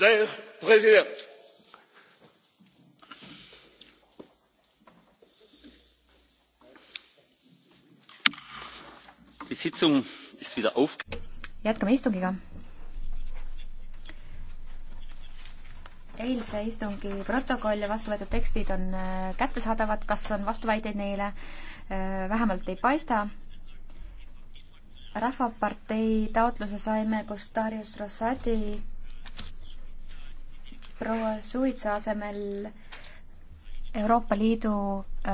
der präsident! jätkame istungiga. eilse istungi protokoll ja vastuvõetud tekstid on äh, kättesaadavad, kas on vastuväiteid neile? Äh, vähemalt ei paista rahvapartei taotluse saime, kus Darius Rossati proua Suitsa asemel Euroopa Liidu äh,